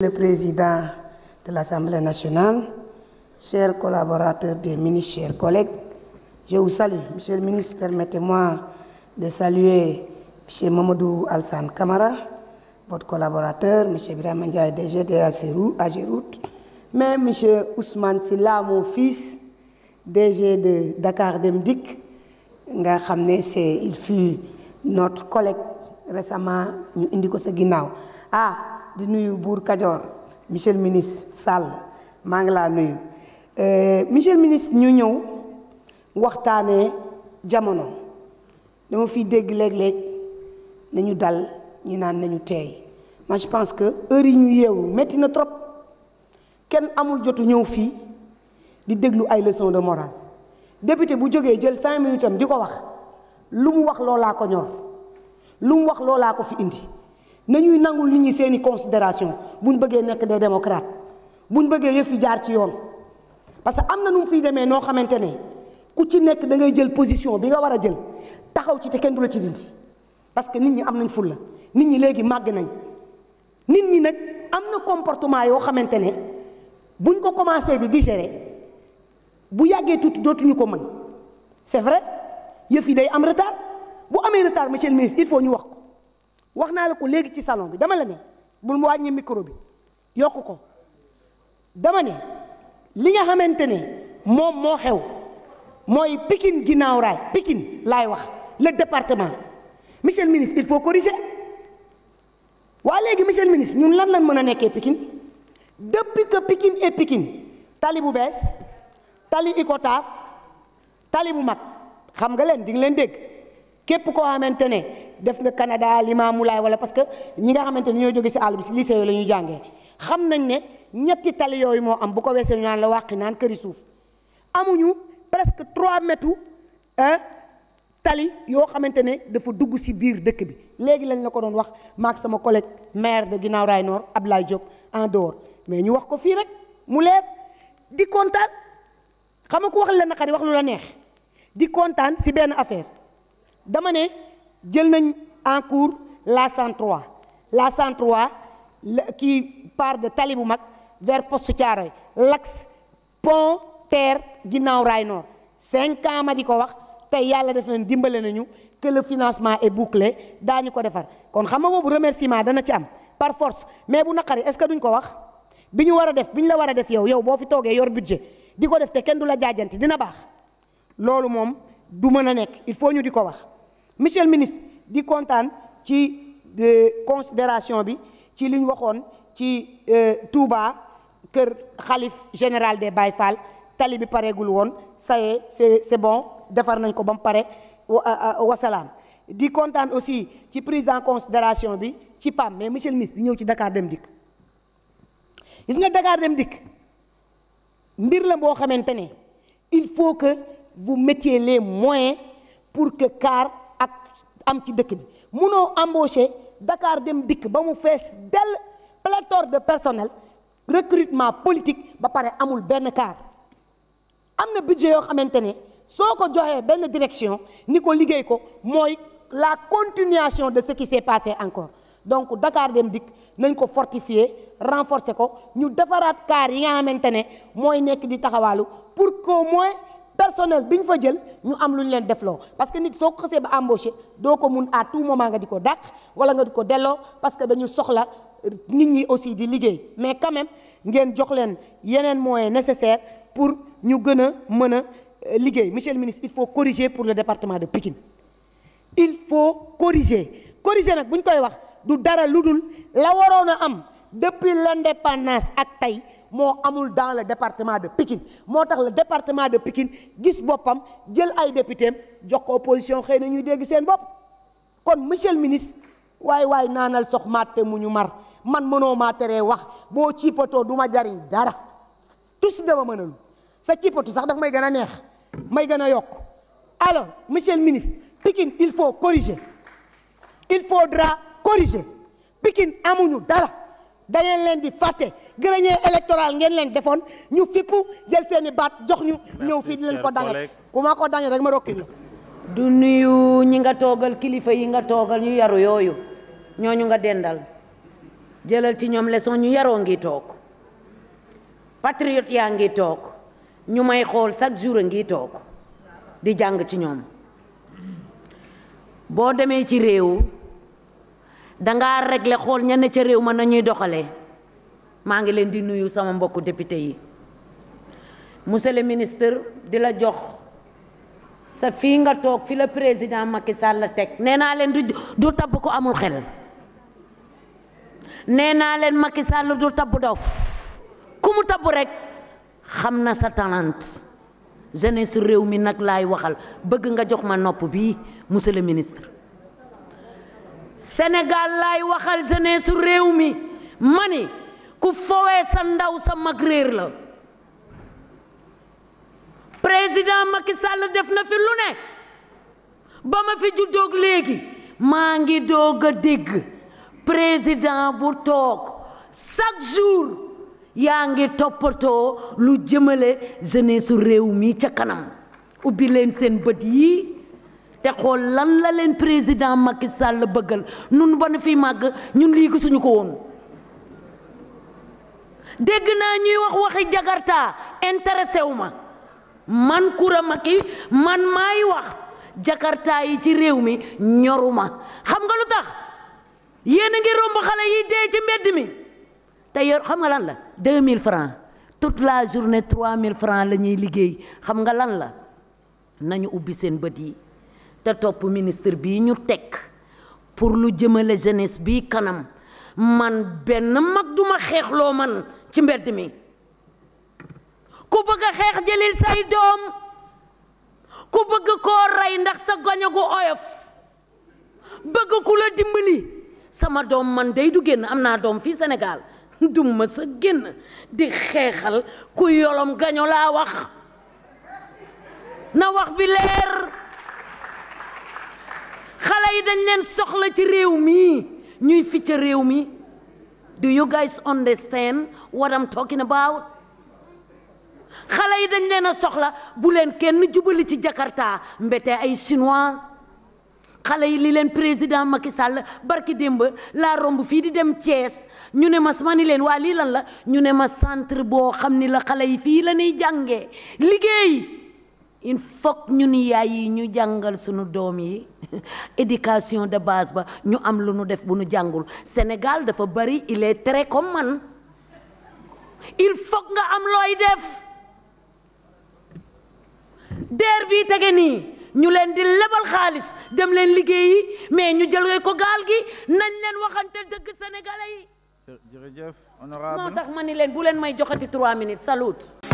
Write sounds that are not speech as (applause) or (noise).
le président de l'Assemblée nationale, chers collaborateur des ministres, chers collègues, je vous salue. Monsieur le ministre, permettez-moi de saluer M. Mamadou Alsan Kamara, votre collaborateur, M. Ibrahim Ndiaye DG à Géroute, mais M. Ousmane Silla, mon fils, DG de Dakar Demdik, il fut notre collègue récemment, nous indiquons sa Ah, di nuyu buur Kajoor monsieur ministre Sall maa ngi laa nuyu euh, monsieur ministre ñu ñëw waxtaanee jamono dama fiy dégg léeg-léeg nañu dal ñi naan nañu teey ma je pense que heure yi ñu yeewu métti na trop kenn amul jotu ñëw fii di déglu ay leçon de morale député bu jógee jël cinq minutes am di ko wax lu mu wax loolaa ko ñor lu mu wax loolaa ko fi indi nañuy nangul nit ñi seen i considération ñu bëggee nekk des bu ñu bëggee yëf yi jaar ci yoon parce que am na nu mu fiy demee noo xamante ne ku ci nekk da ngay jël position bi nga war a jël taxaw ci te kenn du la ci dindi parce que nit ñi am nañ fulla nit ñi léegi màgg nañ nit ñi nag am na comportement yoo xamante ne buñ ko commencé di digérer bu yàggee tuuti dootuñu ko mën c'est vrai yëf yi day am retard bu amee retard monsieur le ministre il faut ñu wax ko wax naa la ko léegi ci salon bi dama la ne bul mu wàññi micro bi yokk ko dama ne li nga xamante ne moom moo xew mooy Pikine ginnaaw raay Pikine laay wax le département monsieur le ministre il faut corriger waa léegi monsieur le ministre ñun lan lan mën a nekkee Pikine depuis que Pikine et Pikine tali bu bees tali Icotaf tali bu mag xam nga leen di nga leen dégg képp koo xamante ne def nga Canada Limamoulaye wala parce que ñi nga xamante ni ñoo jóge si àll bi si lycée yooyu la ñuy jàngee xam nañ ne ñetti tali yooyu moo am bu ko weesee ñu naan la wàqi naan këri suuf amuñu presque 3 mètres tali yoo xamante ne dafa dugg si biir dëkk bi léegi lañ la ko doon wax maak sama collègue maire de Guinaw Rail Nord Ablaye Diop en dehors mais ñu wax ko fii rek mu leer di kontaan xam nga ku wax la naqari wax lu la neex di kontaan si benn affaire jël nañ en cours la 103 la 103 qui part de Talibou Mag vers Poste Thiaroye lax pont terre ginnaaw rail nord cinq ans ma di ko wax tey yàlla def nañ dimbale nañu que le financement est daa daañu ko defar kon xam nga boobu remerciement dana ci am par force mais bu naqari est-ce que duñ ko wax bi ñu war a def bi ñu la war a def yow yow boo fi toogee yor budget di ko def te kenn du la jaajanti dina baax loolu moom du mën a nekk il faut ñu di ko wax. monsieur le ministre di kontaan ci euh, considération bi ci li waxoon ci euh, Touba kër xalif général des Baye tali bi pareegul woon ça est c'est c'est bon defar nañ ko ba mu pare wasalaam di kontaan aussi ci prise en considération bi ci PAM mais monsieur le ministre di ñëw ci dakaar Dem Dikk gis nga Dakar Dem Dikk mbir la boo xamante ne il faut que vous mettiez les moyens pour que car am ci dëkk bi munoo embaucher dakaar dem dikk ba mu fees dell pléthore de personnel recrutement politique ba pare amul benn kaar am na budget yoo xamante ne soo ko joxee benn direction ni ko liggéey ko mooy la continuation de ce qui s'est passé encore donc dakaar dem dikk nañ ko fortifier renforcer ko ñu defaraat kaar yi nga xamante ne mooy nekk di taxawaalu pour qu'au moins personnel bi ñu fa jël ñu am lu ñu leen defloo parce que nit soo ko xësee ba embauché doo ko mun à tout moment nga di ko dàq wala nga di ko delloo parce que dañu soxla euh, nit ñi aussi di liggéey mais quand ngeen jox leen yeneen moyens nécessaires pour ñu gën a mën a euh, liggéey monsieur le ministre il faut corriger pour le département de Pikine il faut corriger corriger nag bu ñu koy wax du dara lu dul la waroon a am depuis l'indépendance ak tey moo amul dans le département de Pikine moo tax la département de Pikine gis boppam jël ay député jox ko opposition xëy na ñuy dégg seen bopp kon monsieur le ministre waay waay naanal sox matte mu ñu mar man mënoo maa teree wax boo ciipatoo du ma jariñ dara tus dama mënalu sa ciipatu sax daf may gën a neex may gën a yokk alors monsieur le ministre Pikine il faut corriger il faut faudra corriger Pikine amuñu dara da leen di fàtte grenier électoral ngeen leen defoon ñu fippu jël seen i baat jox ñu ñëw fii di leen ko dangal ku maa ko dangal rek ma rokki du nuyu ñi nga toogal kilifa yi nga toogal ñu yaru yooyu ñooñu nga dendal jëlal ci ñoom leçon ñu yaroo ngi toog patriote yaa ngi toog ñu may xool chaque jour a ngi toog di jàng ci ñoom boo demee ci réew dangaa régler xool ña ne ca réew ma nañuy ñuy doxalee maa ngi leen di nuyu sama mbokku député yi monsieur le ministre di la jox sa fii nga toog fi la président Macky Sall la teg nee naa leen du tab ko amul xel nee naa leen Macky Sall du tab dof ku mu tabb rek xam na sa talent jeunesse réew mi nag laay waxal bëgg nga jox ma nopp bii monsieur le ministre Sénégal laay waxal jeunesse réew mi mani ku fowee sa ndaw sa mag réer la président Macky Sall def na fi lu ne ba ma fi juddoog léegi maa ngi doog a dégg président bu toog chaque jour yaa ngi toppatoo lu jëmale jeunesse réew mi ca kanam ubbi leen seen bët yi te xool lan la leen président makki sàll bëggal nun ba nu fi màgg ñun lii gisuñu ko woon dégg naa ñuy wax waxi jakarta intéressé wu ma man Coura Macky man maay wax jakarta yi ci réew mi ñoruma xam nga lu tax yéen a romb xale yi dee ci mbedd mi te yor xam nga lan la 2000 francs toute la journée mille francs la ñuy liggéey xam nga lan la nañu ubbi seen bët yi te topp ministre bii ñu teg pour lu jëmale jeunesse bii kanam man benn mag duma xeexloo man ci mbedd mi ku bëgg a xeex jëlil say doom ku bëgg koo rey ndax sa goño gu oyof bëgg ku la dimbali sama doom man dey du génn am naa doom fii senegaal (laughs) du ma sa génn di xeexal ku yolom gaño laa wax na wax bi leer xale yi dañ leen soxla ci réew mi ñuy ficca réew mi do you guys understand what I'm talking about xale yi dañ leen a soxla bu leen kenn jubali ci Jakarta mbete ay chinois xale yi li leen président Macky Sall barki démb laa romb fii di dem Thiès ñu ne ma ma ni leen waa lii lan la ñu ne ma centre boo xam ni la xale yi fii la ñuy jàngee liggéey il faut ñu ni yaay yi ñu jàngal sunu doom yi (laughs) éducation de base ba ñu am lu nu def bu ñu jàngul Sénégal dafa bari il est très comme man il faut nga am looy def deer bii tege nii ñu leen di lebal xaalis dem leen liggéeyi mais ñu jël ko gaal gi nañ leen waxante dëgg sénégalais yi. jërëjëf honorable moo tax ma ni leen bu leen may joxati trois minutes salut.